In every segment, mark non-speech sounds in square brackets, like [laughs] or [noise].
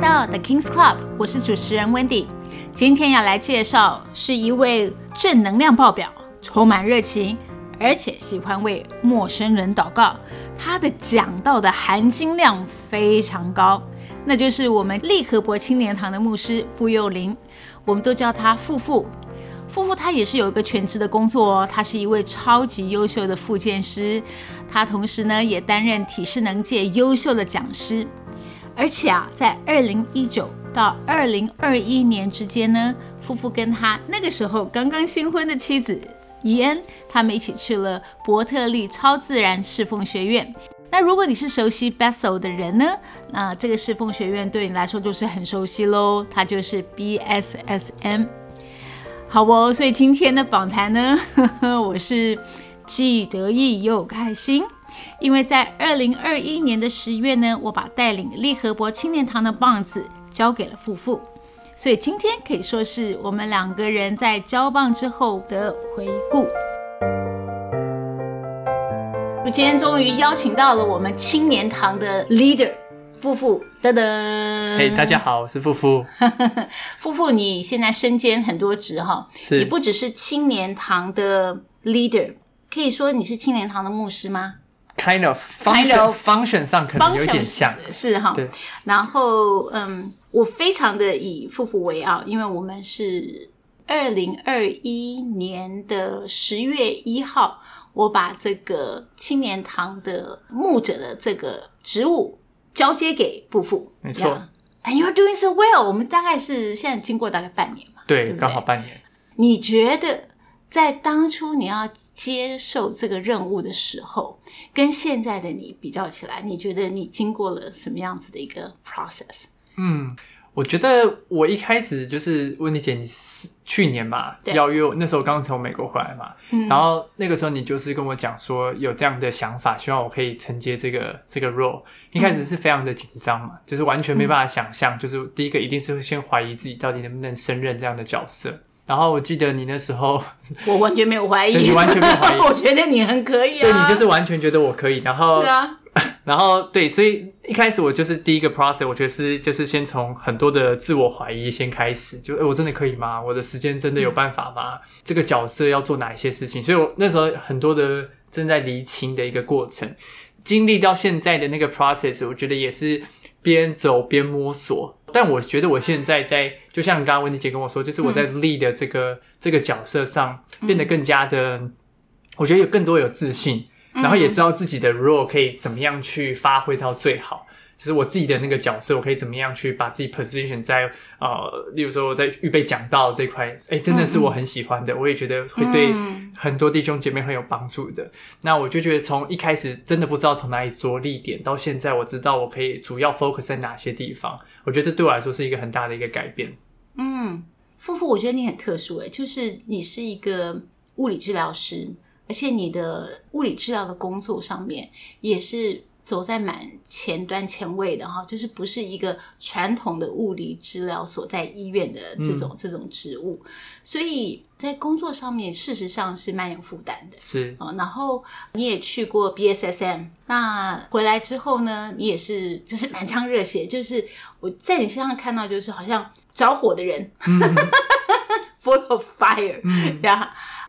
到 The King's Club，我是主持人 Wendy。今天要來介紹是一位正能量爆表、充滿熱情，而且喜歡為陌生人禱告。他的講道的含金量非常高，那就是我們利河伯青年堂的牧師傅幼林。我們都叫他傅傅。傅傅他也是有一個全職的工作哦，他是一位超級優秀的復健師，他同時呢也擔任體適能界優秀的講師。而且啊，在二零一九到二零二一年之間呢，傅傅跟他那個時候剛剛新婚的妻子伊恩，他們一起去了伯特利超自然侍奉學院。那如果你是熟悉 Bethel 的人呢，那這個侍奉學院對你來說就是很熟悉嘍，它就是 BSSM。好哦，所以今天的訪談呢，呵呵，我是既得意又開心。因為在二零二一年的十月呢，我把帶領利河伯青年堂的棒子交給了傅傅，所以今天可以說是我們兩個人在交棒之後的回顧。我今天終於邀請到了我們青年堂的 leader 傅傅，噔噔，嘿，hey, 大家好，我是傅傅。傅傅，你現在身兼很多職哈，是你不只是青年堂的 leader，可以說你是青年堂的牧師嗎？kind of function function 上可能有點像是哈。對，然後嗯，我非常的以傅傅為傲，因為我們是二零二一年的十月一號，我把這個青年堂的牧者的這個職務交接給傅傅，沒錯錯、yeah.，and You are doing so well。我們大概是現在經過大概半年嘛，對，剛好半年。你覺得？在當初你要接受這個任務的時候，跟現在的你比較起來，你覺得你經過了什麼樣子的一個 process？嗯，我覺得我一開始就是溫妮姐，你是去年嘛邀對約我，那時候剛從美國回來嘛，嗯、然後那個時候你就是跟我講說有這樣的想法，希望我可以承接這個這個 role。一開始是非常的緊張嘛，嗯、就是完全沒辦法想象，嗯、就是第一個一定是會先懷疑自己到底能不能勝任這樣的角色。然後我記得你那時候，我完全沒有懷疑，你完全沒有懷疑， [laughs] 我覺得你很可以啊。對，你就是完全覺得我可以。然後是啊，然後對，所以一開始我就是第一個 process，我覺得是就是先從很多的自我懷疑先開始，就哎我真的可以嗎？我的時間真的有辦法嗎？嗯、這個角色要做哪一些事情？所以，我那時候很多的正在釐清的一個過程，經歷到現在的那個 process，我覺得也是邊走邊摸索。但我覺得我現在在，就像剛剛文你姐，姐跟我說，就是我在 lead 的這個、嗯、這個角色上變得更加的，嗯、我覺得有更多有自信，嗯、然後也知道自己的 role 可以怎麼樣去發揮到最好，就是我自己的那個角色，我可以怎麼樣去把自己 position 在呃，例如說我在預備講道的這塊，誒、欸，真的是我很喜歡的，嗯、我也覺得會對很多弟兄姐妹很有幫助的。嗯、那我就覺得從一開始真的不知道從哪裡着力點，到現在我知道我可以主要 focus 在哪些地方。我覺得這對我來說是一個很大的一個改變。嗯，傅傅，我覺得你很特殊誒、欸，就是你是一個物理治療師，而且你的物理治療的工作上面也是。走在蠻前端前衛的哈，就是不是一個傳統的物理治療所在醫院的這種、嗯、這種職務，所以在工作上面事實上是蠻有負擔的。是、哦、然後你也去過 BSSM，那回來之後呢，你也是就是滿腔熱血，就是我在你身上看到就是好像着火的人、嗯、 [laughs] ，full of fire，、嗯 yeah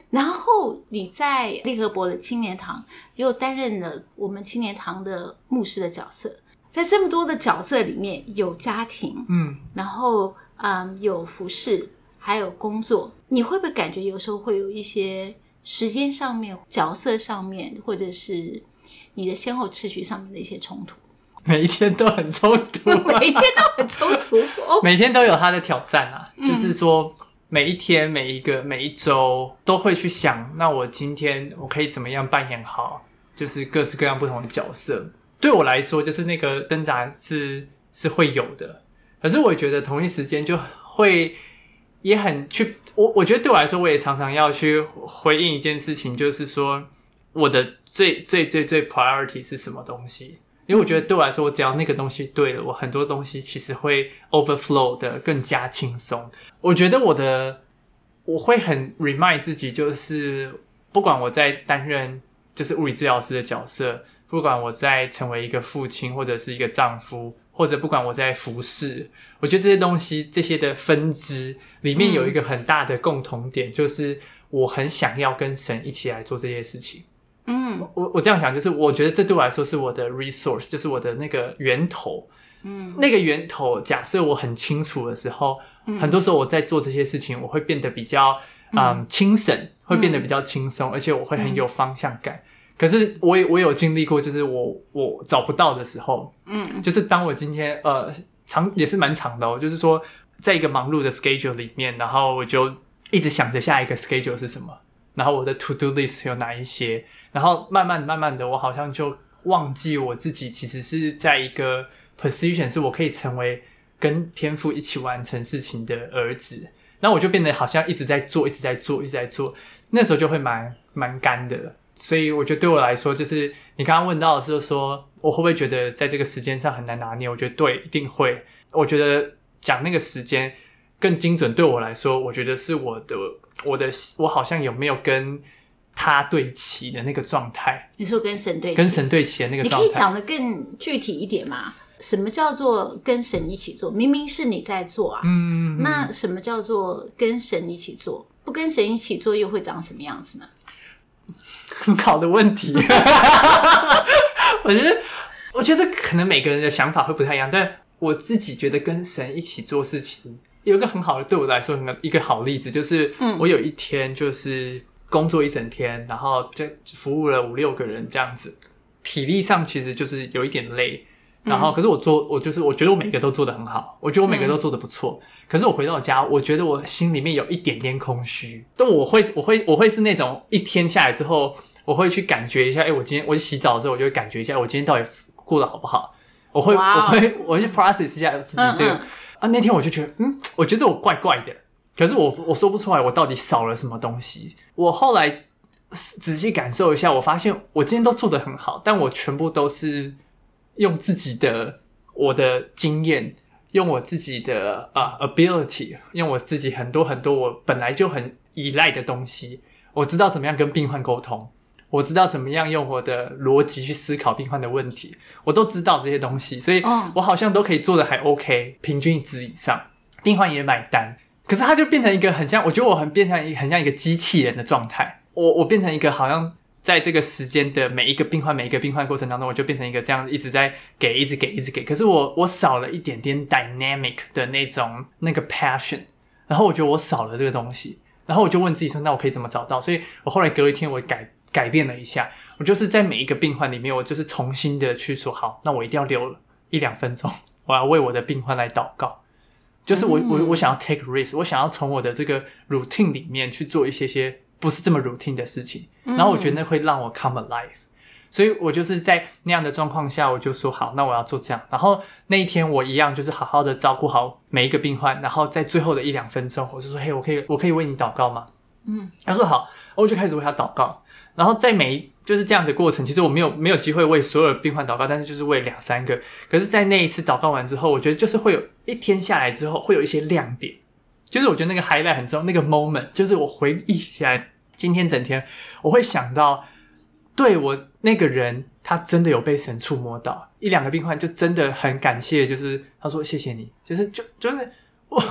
然後你在利河伯的青年堂又擔任了我們青年堂的牧師的角色，在這麼多的角色裡面，有家庭，嗯，然後嗯，有服侍，還有工作，你會不會感覺有時候會有一些時間上面、角色上面，或者是你的先後次序上面的一些衝突？每一天都很衝突、啊， [laughs] 每一天都很衝突、哦，每天都有他的挑戰啊，嗯、就是說。每一天、每一個、每一週都會去想，那我今天我可以怎麼樣扮演好，就是各式各樣不同的角色。對我來說，就是那個掙扎是是會有的。可是我覺得，同一時間就會也很去我，我覺得對我來說，我也常常要去回應一件事情，就是說我的最最最最 priority 是什麼東西？因為我覺得對我來說，我只要那個東西對了，我很多東西其實會 overflow 得更加輕鬆。我覺得我的我會很 remind 自己，就是不管我在擔任就是物理治療師的角色，不管我在成為一個父親或者是一個丈夫，或者不管我在服侍，我覺得這些東西這些的分支裡面有一個很大的共同點，嗯、就是我很想要跟神一起來做這些事情。嗯，我我這樣講就是，我覺得這對我來說是我的 resource，就是我的那個源頭。嗯，那個源頭假設我很清楚的時候，嗯、很多時候我在做這些事情，我會變得比較嗯，精、嗯、神會變得比較輕鬆，嗯、而且我會很有方向感。嗯、可是我也我有經歷過，就是我我找不到的時候，嗯，就是當我今天呃長也是蠻長的，哦，就是說在一個忙碌的 schedule 裡面，然後我就一直想着下一個 schedule 是什麼，然後我的 to do list 有哪一些。然後慢慢慢慢的，我好像就忘記我自己其實是在一個 position，是我可以成為跟天父一起完成事情的兒子。然後我就變得好像一直在做，一直在做，一直在做。那時候就會蠻蠻乾的。所以我覺得對我來說，就是你剛剛問到的時候說，我會不會覺得在這個時間上很難拿捏？我覺得對，一定會。我覺得講那個時間更精準，對我來說，我覺得是我的我的我好像有沒有跟。他對齊的那個狀態，你說跟神對，跟神對齊的那個狀態，你可以講的更具體一點嗎？什麼叫做跟神一起做？明明是你在做啊！嗯，那什麼叫做跟神一起做？不跟神一起做又會長什麼樣子呢？很好的問題， [laughs] 我覺得，我覺得可能每個人的想法會不太一樣，但我自己覺得跟神一起做事情，有一個很好的對我來說一一個好例子，就是，嗯，我有一天就是。嗯工作一整天，然後就服務了五六個人這樣子，體力上其實就是有一點累。嗯、然後，可是我做，我就是我覺得我每個都做得很好，我覺得我每個都做得不錯。嗯、可是我回到家，我覺得我心裡面有一點點空虛。但我會，我會，我會是那種一天下來之後，我會去感覺一下，哎，我今天我去洗澡的時候，我就會感覺一下，我今天到底過得好不好？我會，哇我會，我會去 process 一下自己這個。嗯嗯啊，那天我就覺得，嗯，我覺得我怪怪的。可是我我說不出來，我到底少了什麼東西？我後來仔細感受一下，我發現我今天都做得很好，但我全部都是用自己的我的經驗，用我自己的啊、uh, ability，用我自己很多很多我本來就很依賴的東西。我知道怎麼樣跟病患溝通，我知道怎麼樣用我的邏輯去思考病患的問題，我都知道這些東西，所以我好像都可以做得還 OK，平均值以上，病患也買單。可是它就變成一個很像，我覺得我很變成一個很像一個機器人的狀態。我我變成一個好像在這個時間的每一個病患、每一個病患過程當中，我就變成一個這樣一直在給、一直給、一直給。可是我我少了一點點 dynamic 的那種那個 passion，然後我覺得我少了這個東西。然後我就問自己說，那我可以怎麼找到？所以我後來隔一天，我改改變了一下，我就是在每一個病患裡面，我就是重新的去說，好，那我一定要留了一兩分鐘，我要為我的病患來禱告。就是我我我想要 take risk，我想要從我的這個 routine 裡面去做一些些不是這麼 routine 的事情，嗯、然後我覺得那會讓我 come alive，所以我就是在那樣的狀況下，我就說好，那我要做這樣。然後那一天我一樣就是好好的照顧好每一個病患，然後在最後的一兩分鐘，我就說嘿，我可以我可以為你禱告嗎？嗯，他說好，我就開始為他禱告，然後在每一。就是這樣的過程，其實我沒有沒有機會為所有的病患禱告，但是就是為兩三個。可是，在那一次禱告完之後，我覺得就是會有一天下來之後，會有一些亮點。就是我覺得那個 highlight 很重要，那個 moment，就是我回憶起來今天整天，我會想到，對我那個人，他真的有被神觸摸到。一兩個病患就真的很感謝。就是他說，謝謝你，就是就就是我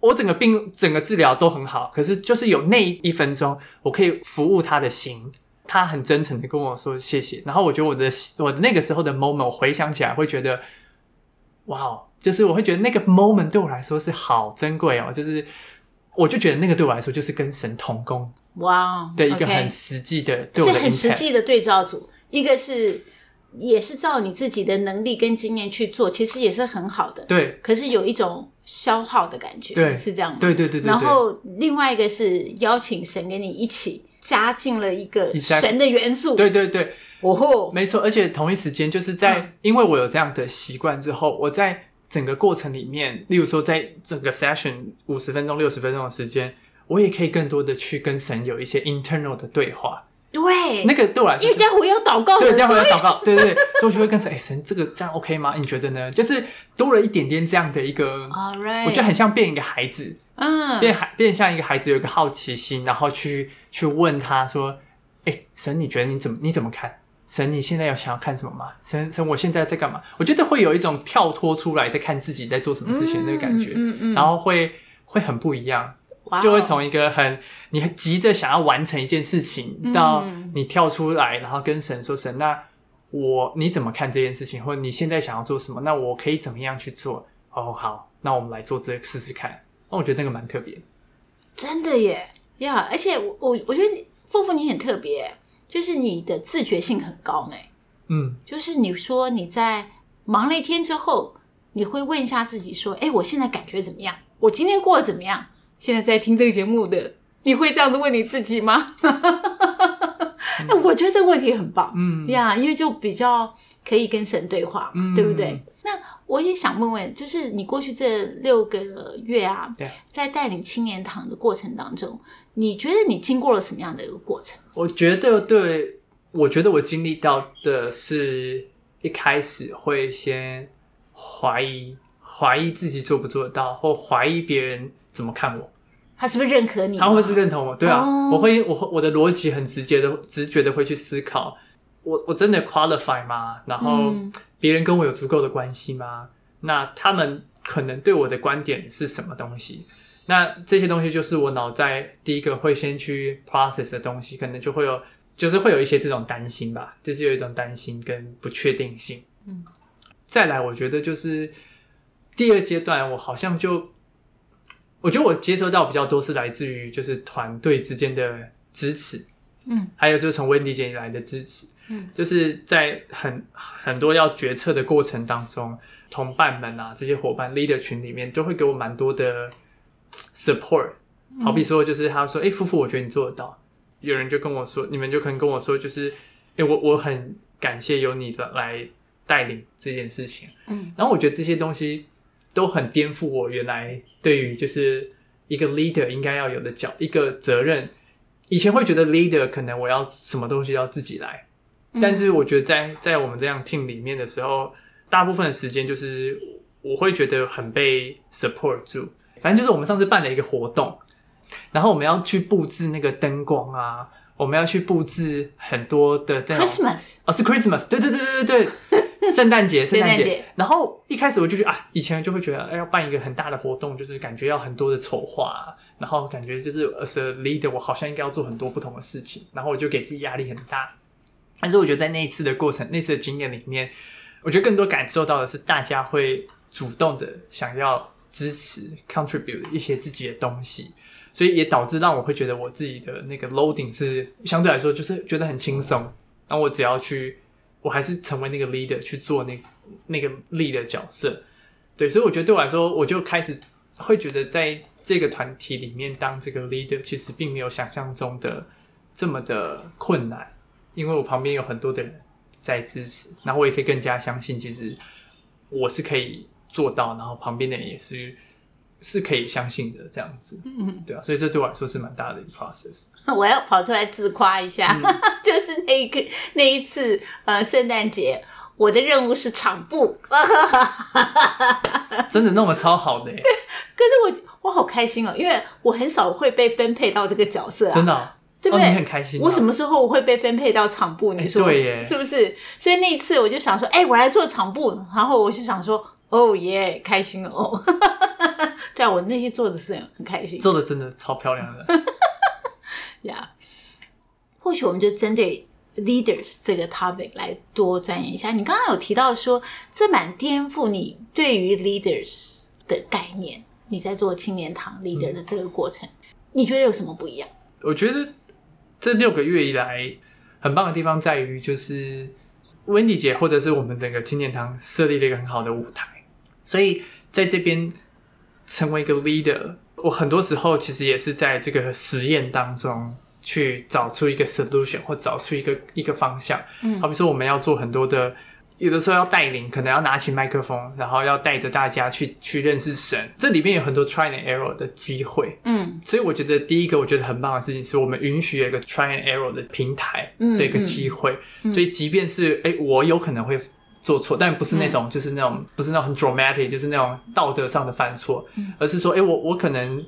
我整個病整個治療都很好，可是就是有那一分鐘，我可以服務他的心。他很真誠的跟我說謝謝，然後我覺得我的我的那個時候的 moment，我回想起來會覺得，哇，就是我會覺得那個 moment 對我來說是好珍貴哦，就是我就覺得那個對我來說就是跟神同工，哇，Wow, 對，一個很實際的，okay，對我的，是很實際的對照組，一個是也是照你自己的能力跟經驗去做，其實也是很好的，對，可是有一種消耗的感覺，對，是這樣嗎？對，對對對對，然後另外一個是邀請神跟你一起。加進了一個神的元素，Exactly. 對對對，哦，oh, oh. 沒錯，而且同一時間就是在、嗯、因為我有這樣的習慣之後，我在整個過程裡面，例如說在整個 session 五十分鐘、六十分鐘的時間，我也可以更多的去跟神有一些 internal 的對話。對，那個因為這樣會對了，一定要回要禱告， [laughs] 對,對,對，這樣會要禱告，對對所以我就會跟、欸、神，哎，神這個這樣 OK 嗎？你覺得呢？就是多了一點點這樣的一個，All right. 我覺得很像變一個孩子。嗯，變孩變像一個孩子，有一個好奇心，然後去去問他說：“哎、欸，神，你覺得你怎麼你怎麼看？神，你現在有想要看什麼嗎？神，神，我現在在幹嘛？我覺得會有一種跳脫出來，在看自己在做什麼事情那個感覺，嗯嗯嗯、然後會會很不一樣，哇就會從一個很你很急着想要完成一件事情，到你跳出來，然後跟神說：‘神，那我你怎麼看這件事情？或者你現在想要做什麼？那我可以怎麼樣去做？哦，好，那我們來做這個試試看。’我覺得那個蠻特別，真的耶呀！Yeah, 而且我我，我覺得傅傅你很特別，就是你的自覺性很高呢。嗯，就是你說你在忙了一天之後，你會問一下自己說：“哎，我現在感覺怎麼樣？我今天過得怎麼樣？”現在在聽這個節目的，你會這樣子問你自己嗎？哎 [laughs] 的，我覺得這問題很棒，嗯呀，yeah, 因為就比較可以跟神對話，嗯、對不對？嗯、那。我也想問問，就是你過去這六個月啊，對在帶領青年堂的過程當中，你覺得你經過了什麼樣的一個過程？我覺得，對，我覺得我經歷到的是，一開始會先懷疑，懷疑自己做不做得到，或懷疑別人怎麼看我。他是不是認可你？他會是認同我？對啊，oh. 我會，我我的邏輯很直接的，直覺的會去思考，我我真的 qualify 嗎？然後。嗯別人跟我有足夠的關係嗎？那他們可能對我的觀點是什麼東西？那這些東西就是我腦袋第一個會先去 process 的東西，可能就會有，就是會有一些這種擔心吧，就是有一種擔心跟不確定性。嗯，再來，我覺得就是第二階段，我好像就，我覺得我接收到比較多是來自於就是團隊之間的支持，嗯，還有就是從溫迪姐以來的支持。就是在很很多要決策的過程當中，同伴們啊，這些夥伴 leader 群裡面都會給我蠻多的 support、嗯。好比說，就是他說：“誒、欸，傅傅，我覺得你做得到。”有人就跟我說：“你們就可能跟我說，就是誒、欸，我我很感謝有你的來帶領這件事情。”嗯，然後我覺得這些東西都很顛覆我原來對於就是一個 leader 應該要有的角一個責任。以前會覺得 leader 可能我要什麼東西要自己來。但是我覺得在，在在我們這樣 team 裡面的時候，大部分的時間就是我會覺得很被 support 住。反正就是我們上次辦了一個活動，然後我們要去布置那個燈光啊，我們要去布置很多的這種，Christmas！哦，是 Christmas，對對對對對對，聖誕節聖誕節。然後一開始我就覺得啊，以前就會覺得哎要辦一個很大的活動，就是感覺要很多的籌劃，然後感覺就是 as a leader，我好像應該要做很多不同的事情，然後我就給自己壓力很大。但是我覺得在那一次的過程，那次的經驗裡面，我覺得更多感受到的是大家會主動的想要支持、contribute 一些自己的東西，所以也導致讓我會覺得我自己的那個 loading 是相對來說就是覺得很輕鬆。那我只要去，我還是成為那個 leader 去做那個、那個 leader 角色，對，所以我覺得對我來說，我就開始會覺得在這個團體裡面當這個 leader 其實並沒有想象中的這麼的困難。因為我旁邊有很多的人在支持，然後我也可以更加相信，其實我是可以做到，然後旁邊的人也是是可以相信的這樣子，對啊，所以這對我來說是蠻大的一個 process。我要跑出來自誇一下，嗯、 [laughs] 就是那一個那一次呃聖誕節，我的任務是場布， [laughs] 真的弄得超好的，欸，可是我我好開心哦，喔，因為我很少會被分配到這個角色，啊，真的，喔。對不對？哦，很開心啊、我什麼時候我會被分配到場部？你說、欸、對耶是不是？所以那一次我就想說，哎、欸，我來做場部。然後我就想說，哦耶，開心哦。 [laughs] 對、啊，我那天做的是很開心，做的真的超漂亮的。呀、 [laughs] yeah，或許我們就針對 leaders 這個 topic 來多鑽研一下。嗯、你剛剛有提到說，這蠻顛覆你對於 leaders 的概念。你在做青年堂 leader 的這個過程，嗯、你覺得有什麼不一樣？我覺得。這六個月以來，很棒的地方在於，就是 Wendy 姐或者是我們整個青年堂設立了一個很好的舞台，所以在這邊成為一個 leader，我很多時候其實也是在這個實驗當中去找出一個 solution 或找出一個一個方向。嗯，好比說我們要做很多的。有的時候要帶領，可能要拿起麥克風，然後要帶着大家去去認識神。這裡面有很多 try and error 的機會，嗯，所以我覺得第一個我覺得很棒的事情，是我們允許有一個 try and error 的平台的一個機會。嗯嗯所以，即便是哎、欸，我有可能會做錯，但不是那種就是那種、嗯、不是那種很 dramatic，就是那種道德上的犯錯，而是說哎、欸，我我可能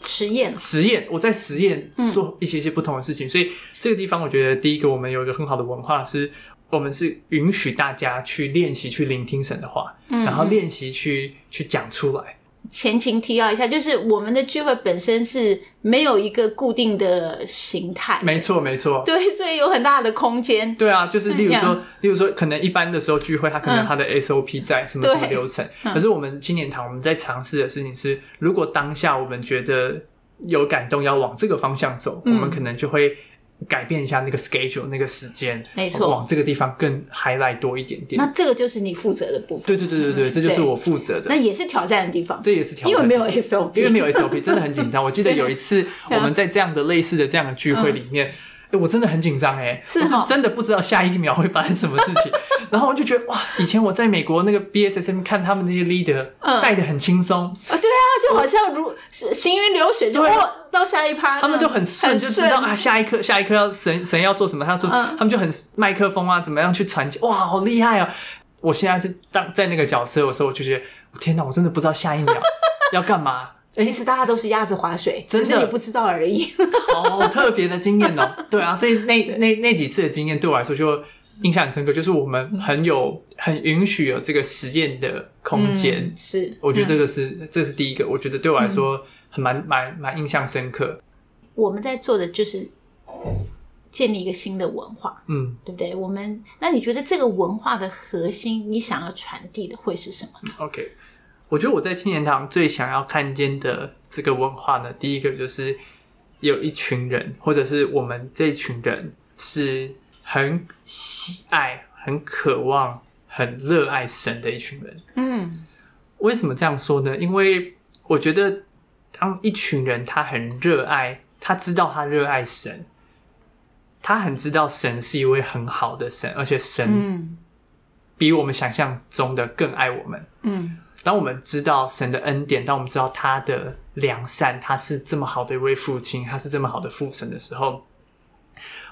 實驗實驗，我在實驗做一些一些不同的事情。嗯、所以，這個地方我覺得第一個，我們有一個很好的文化是。我們是允許大家去練習，去聆聽神的話，嗯、然後練習去去講出來。前情提要一下，就是我們的聚會本身是沒有一個固定的形態。沒錯，沒錯。對，所以有很大的空間。對啊，就是例如說，樣例如說，可能一般的時候聚會，它可能它的 SOP、嗯、在什麼什麼流程。對可是我們青年堂，我們在嘗試的事情是，嗯、如果當下我們覺得有感動，要往這個方向走，嗯、我們可能就會。改變一下那個 schedule 那個時間，沒錯，往這個地方更 highlight 多一點點。那這個就是你負責的部分。對對對對對，嗯，這就是我負責的。那也是挑戰的地方。這也是挑戰的，因為沒有 SOP，因為沒有 SOP [laughs] 真的很緊張。我記得有一次我們在這樣的類似的這樣的聚會裡面。 [laughs] 嗯我真的很緊張誒，我是真的不知道下一秒會發生什麼事情。 [laughs] 然後我就覺得哇，以前我在美國那個 BSSM 看他們那些 leader 帶得很輕鬆、嗯、啊，對啊，就好像如、嗯、行雲流水，就會、嗯、到下一趴，他們就很順，很順就知道啊下一刻下一刻要神、神要做什麼。他說、嗯、他們就很麥克風啊，怎麼樣去傳遞，哇，好厲害哦。我現在就當在那個角色的時候，我就覺得天哪，我真的不知道下一秒要幹嘛。 [laughs] 其實大家都是鴨子划水，只是你不知道而已。好特別的經驗哦。喔，對啊，所以那那那，那幾次的經驗對我來說就印象很深刻，就是我們很有很允許有這個實驗的空間、嗯，是、嗯、我覺得這個是這是第一個，我覺得對我來說很蠻蠻蠻印象深刻。我們在做的就是建立一個新的文化，嗯，對不對？我們那你覺得這個文化的核心，你想要傳遞的會是什麼呢？OK。我覺得我在青年堂最想要看見的這個文化呢，第一個就是有一群人，或者是我們這一群人是很喜愛、很渴望、很熱愛神的一群人。嗯，為什麼這樣說呢？因為我覺得當一群人他很熱愛，他知道他熱愛神，他很知道神是一位很好的神，而且神比我們想象中的更愛我們。嗯。當我們知道神的恩典，當我們知道他的良善，他是這麼好的一位父親，他是這麼好的父神的時候，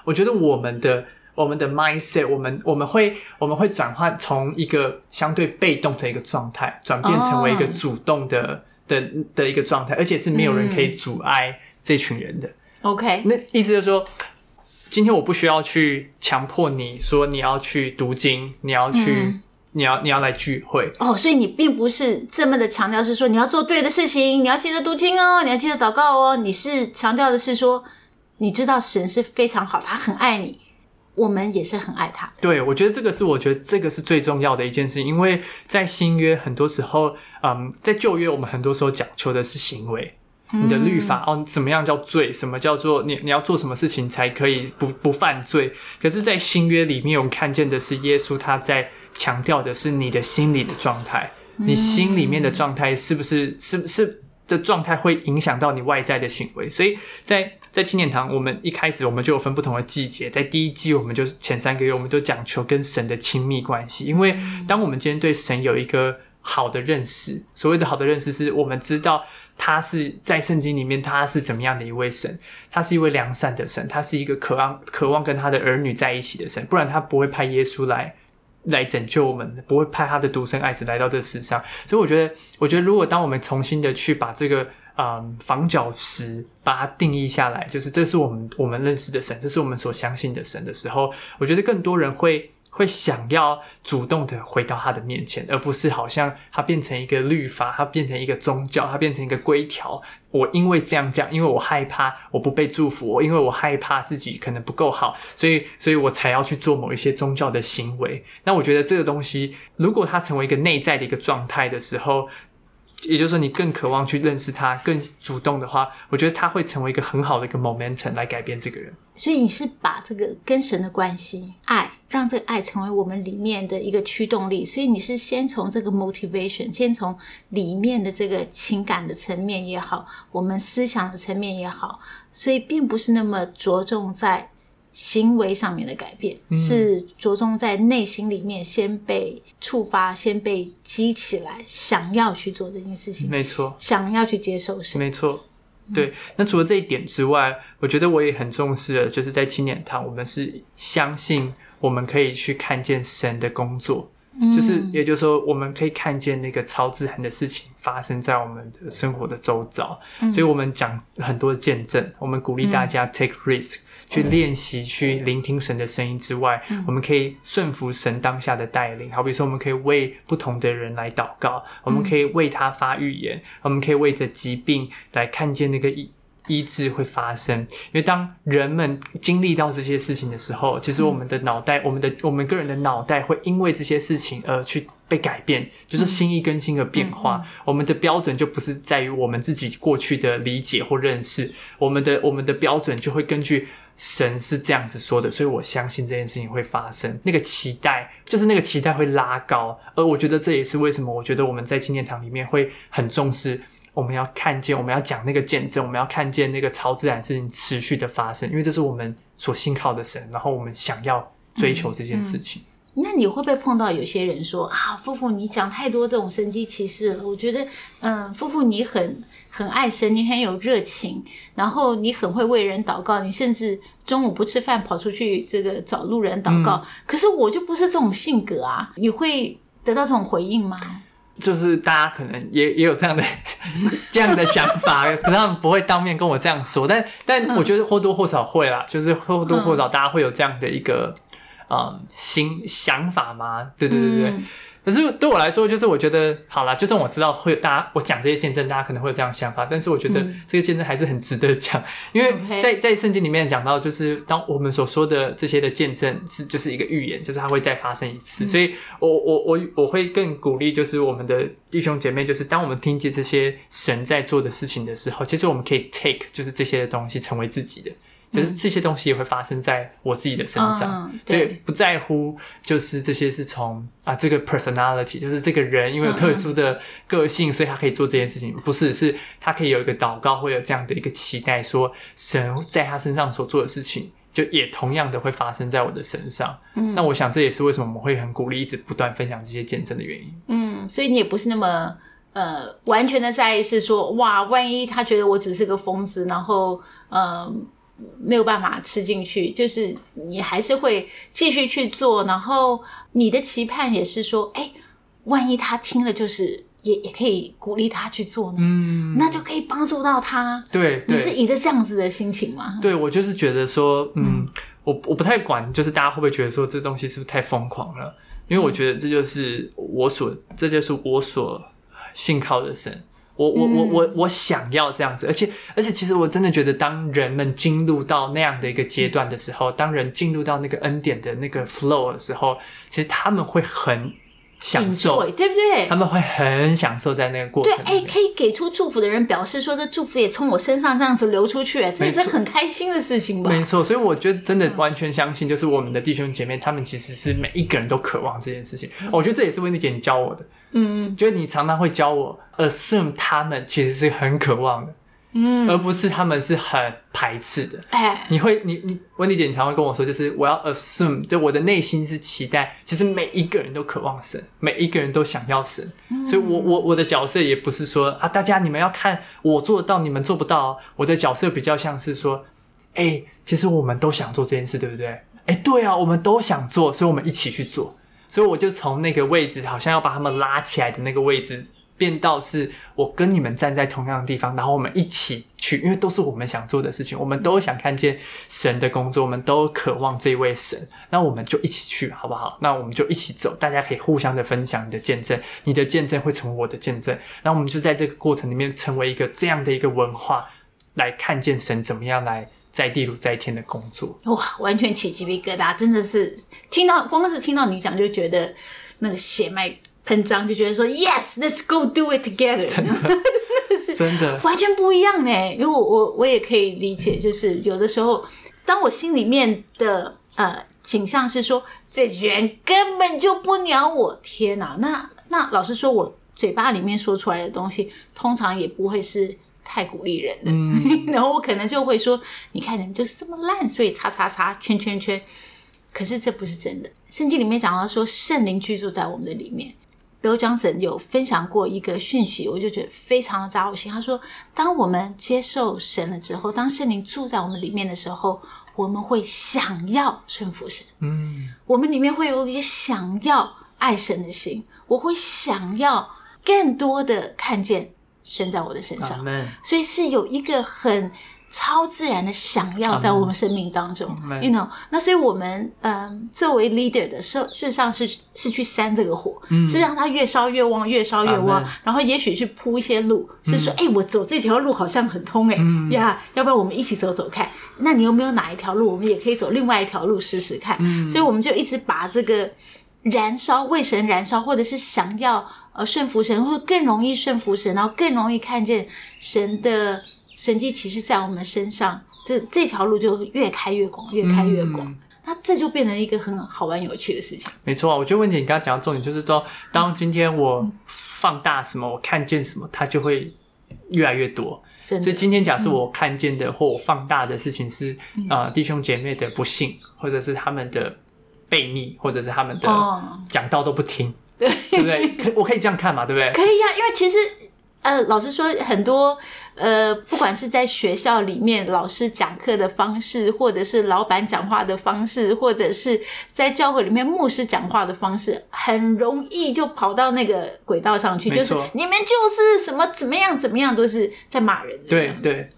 我覺得我們的我們的 mindset，我們我們會我們會轉換，從一個相對被動的一個狀態，轉變成為一個主動的、哦、的的一個狀態，而且是沒有人可以阻礙這群人的。OK，、嗯、那意思就是說，今天我不需要去強迫你說你要去讀經，你要去、嗯。你要你要來聚會哦，oh, 所以你並不是這麼的強調，是說你要做對的事情，你要記得讀經哦，你要記得禱告哦。你是強調的是說，你知道神是非常好，他很愛你，我們也是很愛他。對，我覺得這個是我覺得這個是最重要的一件事情，因為在新約很多時候，嗯，在舊約我們很多時候講求的是行為。你的律法哦，什麼樣叫罪？什麼叫做你？你要做什麼事情才可以不不犯罪？可是，在新約裡面，我們看見的是耶穌，他在強調的是你的心裡的狀態，你心裡面的狀態是不是是不是的狀態，會影響到你外在的行為。所以在在青年堂，我們一開始我們就有分不同的季節，在第一季，我們就前三個月，我們就講求跟神的親密關係，因為當我們今天對神有一個。好的認識，所謂的好的認識，是我們知道他是在聖經裡面，他是怎麼樣的一位神。他是一位良善的神，他是一個渴望渴望跟他的兒女在一起的神，不然他不會派耶穌來來拯救我們不會派他的獨生愛子來到這世上。所以我覺得，我覺得如果當我們重新的去把這個嗯，房角石把它定義下來，就是這是我們我們認識的神，這是我們所相信的神的時候，我覺得更多人會會想要主動的回到他的面前，而不是好像他變成一個律法，他變成一個宗教，他變成一個規條。我因為這樣這樣，因為我害怕我不被祝福，我因為我害怕自己可能不夠好，所以，所以我才要去做某一些宗教的行為。那我覺得這個東西，如果它成為一個內在的一個狀態的時候，也就是說，你更渴望去認識他，更主動的話，我覺得他會成為一個很好的一個 momentum 來改變這個人。所以你是把這個跟神的關係、愛，讓這個愛成為我們裡面的一個驅動力。所以你是先從這個 motivation，先從裡面的這個情感的層面也好，我們思想的層面也好，所以並不是那麼着重在。行為上面的改變、嗯、是着重在內心裡面先被觸發，先被激起來，想要去做這件事情。沒錯，想要去接受是沒錯。對，那除了這一點之外，我覺得我也很重視的，就是在青年堂，我們是相信我們可以去看見神的工作，嗯、就是也就是說，我們可以看見那個超自然的事情發生在我們的生活的周遭。嗯、所以我們講很多的見證，我們鼓勵大家 take risk、嗯。去練習去聆聽神的聲音之外，嗯、我們可以順服神當下的帶領。好比說，我們可以為不同的人來禱告，我們可以為他發預言，嗯、我們可以為着疾病來看見那個醫醫治會發生。因為當人們經歷到這些事情的時候，其實我們的腦袋，我們的我們個人的腦袋會因為這些事情而去被改變，就是心意更新而變化。嗯、我們的標準就不是在於我們自己過去的理解或認識，我們的我們的標準就會根據。神是這樣子說的，所以我相信這件事情會發生。那個期待，就是那個期待會拉高。而我覺得這也是為什麼，我覺得我們在青年堂裡面會很重視，我們要看見，我們要講那個見證，我們要看見那個超自然事情持續的發生，因為這是我們所信靠的神，然後我們想要追求這件事情。嗯嗯、那你會不會碰到有些人說啊，傅傅你講太多這種神蹟奇事了？我覺得，嗯，傅傅你很。很愛神，你很有熱情，然後你很會為人禱告，你甚至中午不吃飯跑出去這個找路人禱告。嗯、可是我就不是這種性格啊，你會得到這種回應嗎？就是大家可能也也有這樣的 [laughs] 這樣的想法， [laughs] 可是他們不會當面跟我這樣說，但但我覺得或多或少會啦，嗯、就是或多或少大家會有這樣的一個嗯想、嗯、想,想法嗎？對對對對。可是對我來說，就是我覺得好啦，就算我知道會有大家，我講這些見證，大家可能會有這樣想法，但是我覺得這個見證還是很值得講，嗯，因為在在聖經裡面講到，就是 Okay. 當我們所說的這些的見證是就是一個預言，就是它會再發生一次。嗯，所以我，我我我我會更鼓勵，就是我們的弟兄姐妹，就是當我們聽見這些神在做的事情的時候，其實我們可以 take 就是這些東西成為自己的。就是這些東西也會發生在我自己的身上，嗯、所以不在乎就是這些是從、嗯、啊這個 personality，就是這個人因為有特殊的個性，嗯、所以他可以做這件事情。不是，是他可以有一個禱告，會有這樣的一個期待，說神在他身上所做的事情，就也同樣的會發生在我的身上。嗯，那我想這也是為什麼我們會很鼓勵，一直不斷分享這些見證的原因。嗯，所以你也不是那麼呃完全的在意，是說哇，萬一他覺得我只是個瘋子，然後嗯……呃沒有辦法吃進去，就是你還是會繼續去做，然後你的期盼也是說，誒，萬一他聽了，就是也也可以鼓勵他去做呢，嗯，那就可以幫助到他。對，對。你是以一個這樣子的心情嗎？對，我就是覺得說，嗯，我我不太管，就是大家會不會覺得說這東西是不是太瘋狂了？因為我覺得這就是我所，嗯、這就是我所信靠的神。我我我我我想要這樣子，而且而且，其實我真的覺得，當人們進入到那樣的一個階段的時候，當人進入到那個恩典的那個 flow 的時候，其實他們會很享受，Enjoy, 對不對？他們會很享受在那個過程。對，哎、欸，可以給出祝福的人表示說，這祝福也從我身上這樣子流出去、欸，沒錯，這也是很開心的事情吧？沒錯，所以我覺得真的完全相信，就是我們的弟兄姐妹，嗯、他們其實是每一個人都渴望這件事情。嗯、我覺得這也是薇妮姐你教我的，嗯，就是你常常會教我 assume 他們其實是很渴望的。嗯，而不是他們是很排斥的。哎，欸、你會，你你，溫迪姐，你常會跟我說，就是我要 assume，就我的內心是期待，其實每一個人都渴望神，每一個人都想要神，所以我我我的角色也不是說啊，大家你們要看我做得到，你們做不到、哦。我的角色比較像是說，哎、欸，其實我們都想做這件事，對不對？哎、欸，對啊，我們都想做，所以我們一起去做。所以我就從那個位置，好像要把他們拉起來的那個位置。變到是我跟你們站在同樣的地方，然後我們一起去，因為都是我們想做的事情，我們都想看見神的工作，我們都渴望這一位神，那我們就一起去，好不好？那我們就一起走，大家可以互相的分享你的見證，你的見證會成為我的見證，然後我們就在這個過程裡面成為一個這樣的一個文化，來看見神怎麼樣來在地如在天的工作。哇，完全起雞皮疙瘩，真的是聽到，光是聽到你講就覺得那個血脈噴張就覺得說，Yes，let's go do it together。真的 [laughs] 是，的完全不一樣呢、欸。因為我我，我也可以理解，就是有的時候，當我心裡面的呃景象是說這人根本就不鳥我，天哪、啊！那那老實說我嘴巴裡面說出來的東西，通常也不會是太鼓勵人的。嗯、 [laughs] 然後我可能就會說，你看人就是這麼爛，所以叉叉叉，圈圈圈。可是這不是真的。聖經裡面講到說，聖靈居住在我們的裡面。劉江神有分享過一個訊息，我就覺得非常的扎我心。他說，當我們接受神了之後，當聖靈住在我們裡面的時候，我們會想要順服神。嗯，mm. 我們裡面會有一個想要愛神的心，我會想要更多的看見神在我的身上。Amen. 所以是有一個很。超自然的想要在我們生命當中，you know 那所以我們嗯，作為 leader 的，事事實上是是去扇這個火，嗯、是讓它越燒越旺，越燒越旺。嗯、然後也許去鋪一些路，嗯、是說：“哎、欸，我走這條路好像很通、欸，哎呀、嗯，yeah, 要不然我們一起走走看。那你有沒有哪一條路，我們也可以走另外一條路試試看？”嗯、所以我們就一直把這個燃燒為神燃燒，或者是想要呃順服神，或者更容易順服神，然後更容易看見神的。神跡其實在我們身上，這這條路就越開越廣，越開越廣。嗯、那這就變成一個很好玩、有趣的事情。沒錯、啊，我覺得問題你剛剛講到重點就是說，當今天我放大什麼，嗯、我看見什麼，它就會越來越多。真的，所以今天假設我看見的或我放大的事情是啊、嗯呃，弟兄姐妹的不幸，或者是他們的悖逆，或者是他們的講道都不聽，哦、對不對？對可我可以這樣看嘛，對不對？可以呀、啊，因為其實。呃，老實說，很多呃，不管是在學校裡面老師講課的方式，或者是老闆講話的方式，或者是在教會裡面牧師講話的方式，很容易就跑到那個軌道上去，沒錯，就是你們就是什麼怎麼樣怎麼樣，都是在罵人的。對對。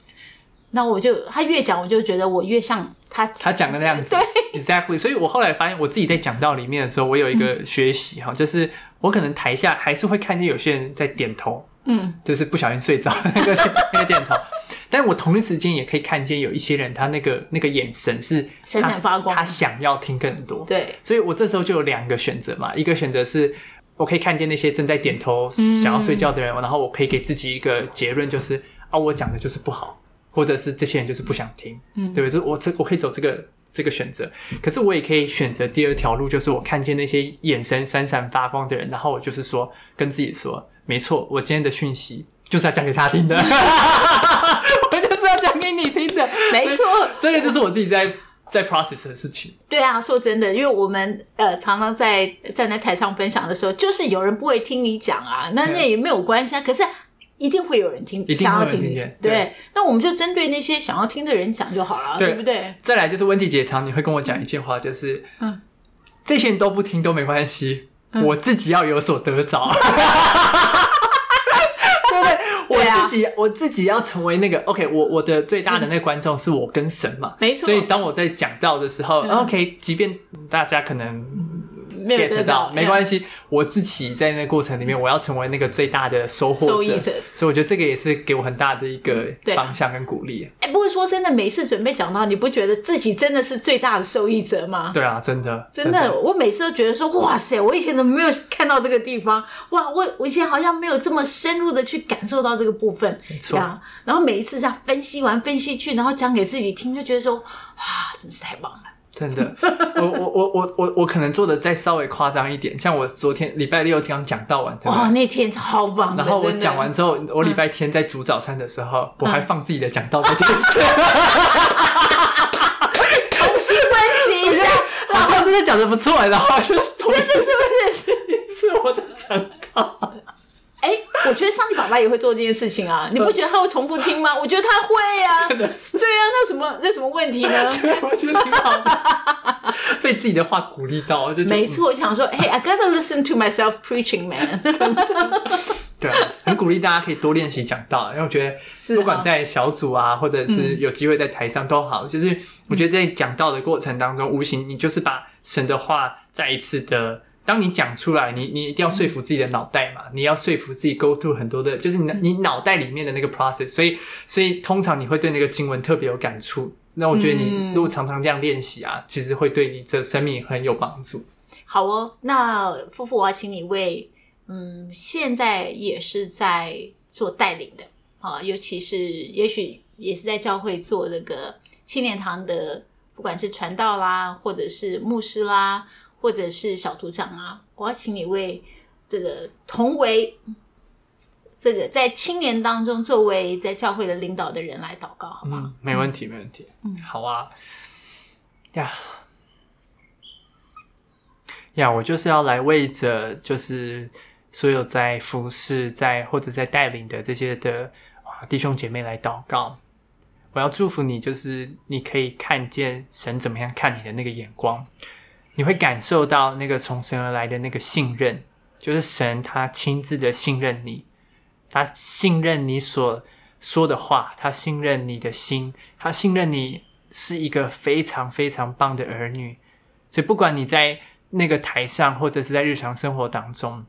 那我就他越講，我就覺得我越像他，他講的那樣子。 [laughs] 對，exactly。所以我後來發現，我自己在講道裡面的時候，我有一個學習哈、嗯哦，就是我可能台下還是會看見有些人在點頭。嗯，就是不小心睡着了那個那個點頭， [laughs] 但我同一時間也可以看見有一些人，他那個那個眼神是閃閃發光、啊，他想要聽更多。對，所以我這時候就有兩個選擇嘛，一個選擇是，我可以看見那些正在點頭想要睡覺的人，嗯、然後我可以給自己一個結論，就是啊，我講的就是不好，或者是這些人就是不想聽，嗯，對不對？我這我可以走這個這個選擇，可是我也可以選擇第二條路，就是我看見那些眼神閃閃發光的人，然後我就是說跟自己說。沒錯，我今天的訊息就是要講給他聽的，我就是要講給你聽的。沒錯，真的就是我自己在在 process 的事情。對啊，說真的，因為我們呃常常在站在台上分享的時候，就是有人不會聽你講啊，那那也沒有關係啊。可是一定會有人聽，一定要聽見想要聽。對，那我們就針對那些想要聽的人講就好了，對不對？再來就是問題解場，你會跟我講一句話，就是嗯，這些人都不聽都沒關係，我自己要有所得着。自己，我自己要成為那個 OK，我我的最大的那個觀眾是我跟神嘛，嗯、沒錯。所以當我在講道的時候，OK，即便大家可能。沒有得到沒關係，Yeah. 我自己在那個過程裡面，我要成為那個最大的收穫者，收益者。所以我覺得這個也是給我很大的一個方向跟鼓勵。哎，不會說真的，每次準備講到，你不覺得自己真的是最大的受益者嗎？對啊，真的，真的，真的，我每次都覺得說，哇塞，我以前怎麼沒有看到這個地方？哇，我我以前好像沒有這麼深入的去感受到這個部分，沒錯。然後每一次這樣分析完分析去，然後講給自己聽，就覺得說，哇，真是太棒了。 [laughs] 真的，我我我我我我可能做的再稍微誇張一點，像我昨天禮拜六剛講到完，哇、哦，那天超棒的。然後我講完之後，的我禮拜天在煮早餐的時候，啊、我還放自己的講道在這裡重新溫習一下。好像真的講的不錯，欸，然後就是同這，這是不是第一是我的講道？ [laughs] [laughs] [laughs] 我覺得上帝爸爸也會做這件事情啊！你不覺得他會重複聽嗎？嗯、我覺得他會呀、啊，的對呀、啊，那什麼那什麼問題呢、啊？ [laughs] 對，我覺得挺好的，的哈哈哈被自己的話鼓勵到，就沒錯。我想說 [laughs] ，Hey, I gotta listen to myself preaching, man。 [laughs] 真的。對，很鼓勵大家可以多練習講道，因為我覺得不管在小組啊，或者是有機會在台上、 [laughs] 嗯、都好。就是我覺得在講道的過程當中，嗯、無形你就是把神的話再一次的。當你講出來，你你一定要說服自己的腦袋嘛，嗯、你要說服自己 go through 很多的，就是你你腦袋裡面的那個 process、嗯。所以所以通常你會對那個經文特別有感觸。那我覺得你如果常常這樣練習啊，嗯、其實會對你這生命很有幫助。好哦，那傅傅，我要請你為嗯，現在也是在做帶領的啊，尤其是也許也是在教會做這個青年堂的，不管是傳道啦，或者是牧師啦。或者是小組長啊，我要請你為這個同為這個在青年當中作為在教會的領導的人來禱告，好嗎？嗯，沒問題，沒問題。嗯，好啊。呀呀，我就是要來為着就是所有在服侍在或者在帶領的這些的弟兄姐妹來禱告。我要祝福你，就是你可以看見神怎麼樣看你的那個眼光。你會感受到那個從神而來的那個信任，就是神他親自的信任你，他信任你所說的話，他信任你的心，他信任你是一個非常非常棒的兒女。所以不管你在那個台上，或者是在日常生活當中，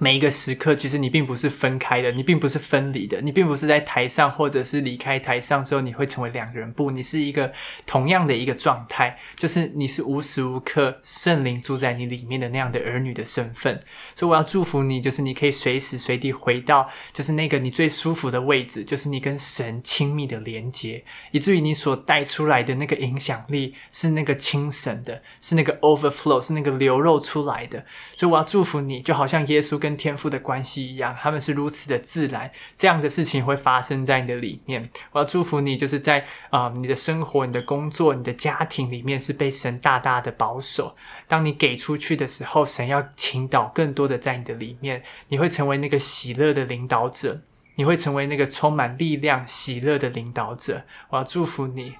每一個時刻，其實你並不是分開的，你並不是分離的，你並不是在台上或者是離開台上之後你會成為兩個人，不，你是一個同樣的一個狀態，就是你是無時無刻聖靈住在你裡面的那樣的兒女的身份。所以我要祝福你，就是你可以隨時隨地回到就是那個你最舒服的位置，就是你跟神親密的連接，以至於你所帶出來的那個影響力是那個親神的，是那個 overflow，是那個流露出來的。所以我要祝福你，就好像耶穌。跟天父的關係一樣，他們是如此的自然，這樣的事情會發生在你的裡面。我要祝福你，就是在啊、呃，你的生活、你的工作、你的家庭裡面是被神大大的保守。當你給出去的時候，神要傾倒更多的在你的裡面。你會成為那個喜樂的領導者，你會成為那個充滿力量、喜樂的領導者。我要祝福你，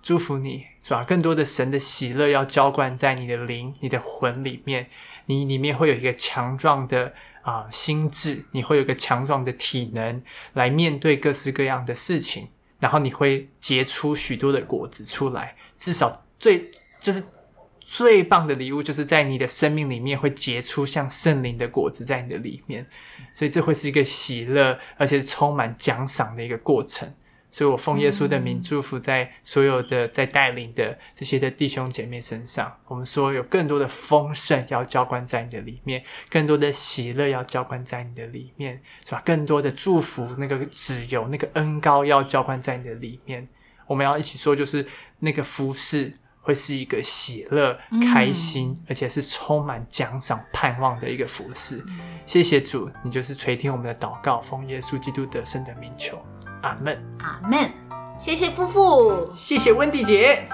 祝福你，主要更多的神的喜樂要澆灌在你的靈、你的魂裡面。你裡面會有一個強壯的啊、呃、心智，你會有一個強壯的體能來面對各式各樣的事情，然後你會結出許多的果子出來。至少最就是最棒的禮物，就是在你的生命裡面會結出像聖靈的果子在你的裡面。所以這會是一個喜樂，而且是充滿獎賞的一個過程。所以我奉耶穌的名祝福在所有的在帶領的這些的弟兄姐妹身上，我們說有更多的豐盛要澆灌在你的裡面，更多的喜樂要澆灌在你的裡面，是吧？更多的祝福那個自由那個恩膏要澆灌在你的裡面。我們要一起說，就是那個服侍會是一個喜樂、開心，而且是充滿獎賞、盼望的一個服侍。謝謝主，你就是垂聽我們的禱告，奉耶穌基督得勝的名求。阿門，阿門，謝謝傅傅，謝謝溫蒂姐。